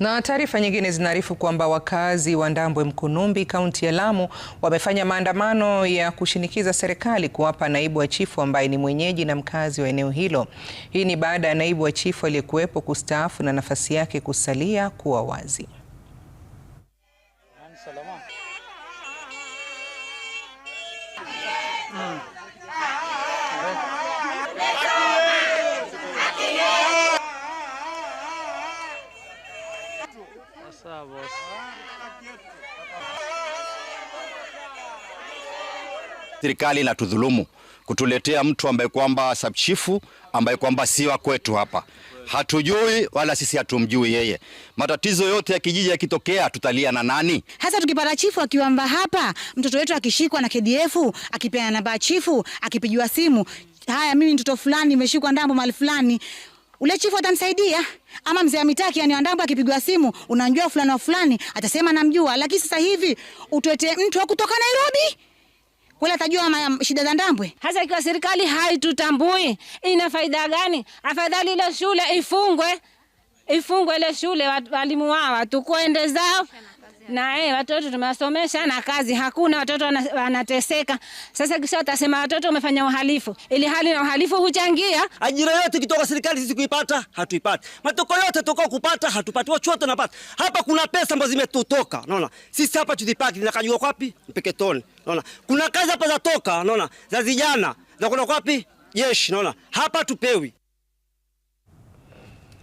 Na taarifa nyingine zinaarifu kwamba wakazi wa Ndambwe Mkunumbi, kaunti ya Lamu, wamefanya maandamano ya kushinikiza serikali kuwapa naibu wa chifu ambaye ni mwenyeji na mkazi wa eneo hilo. Hii ni baada ya naibu wa chifu aliyekuwepo kustaafu na nafasi yake kusalia kuwa wazi. Mm. Sawa boss. Serikali inatudhulumu kutuletea mtu ambaye kwamba sabchifu ambaye kwamba si wa kwetu hapa, hatujui wala sisi hatumjui yeye. Matatizo yote ya kijiji yakitokea, tutalia na nani? Hasa tukipata chifu akiwamba hapa, mtoto wetu akishikwa na KDF, akipeana namba chifu, akipigiwa simu, haya, mimi mtoto fulani imeshikwa ndambo mali fulani Ule chifu atamsaidia ama mzee amitaki, yani Wandambo akipigwa simu, unamjua fulani wa fulani, atasema namjua. Lakini sasa hivi utwete mtu wa kutoka Nairobi wala atajua shida za Ndambwe. Hasa ikiwa serikali haitutambui ina faida gani? Afadhali ile shule ifungwe, ifungwe ile shule, walimu wao tukwende zao na eh, watoto tumewasomesha na kazi hakuna, watoto wanateseka. Sasa kisha watasema watoto wamefanya uhalifu, ili hali na uhalifu huchangia. Ajira yote kitoka serikali sisi kuipata hatuipati, matoko yote toka kupata hatupati, wachu wote napata hapa. Kuna pesa ambazo zimetutoka, naona sisi hapa tuzipati, nakajua kwapi? Mpeketoni, naona kuna kazi hapa zatoka, naona za vijana za kuna kwapi? Jeshi, naona hapa tupewi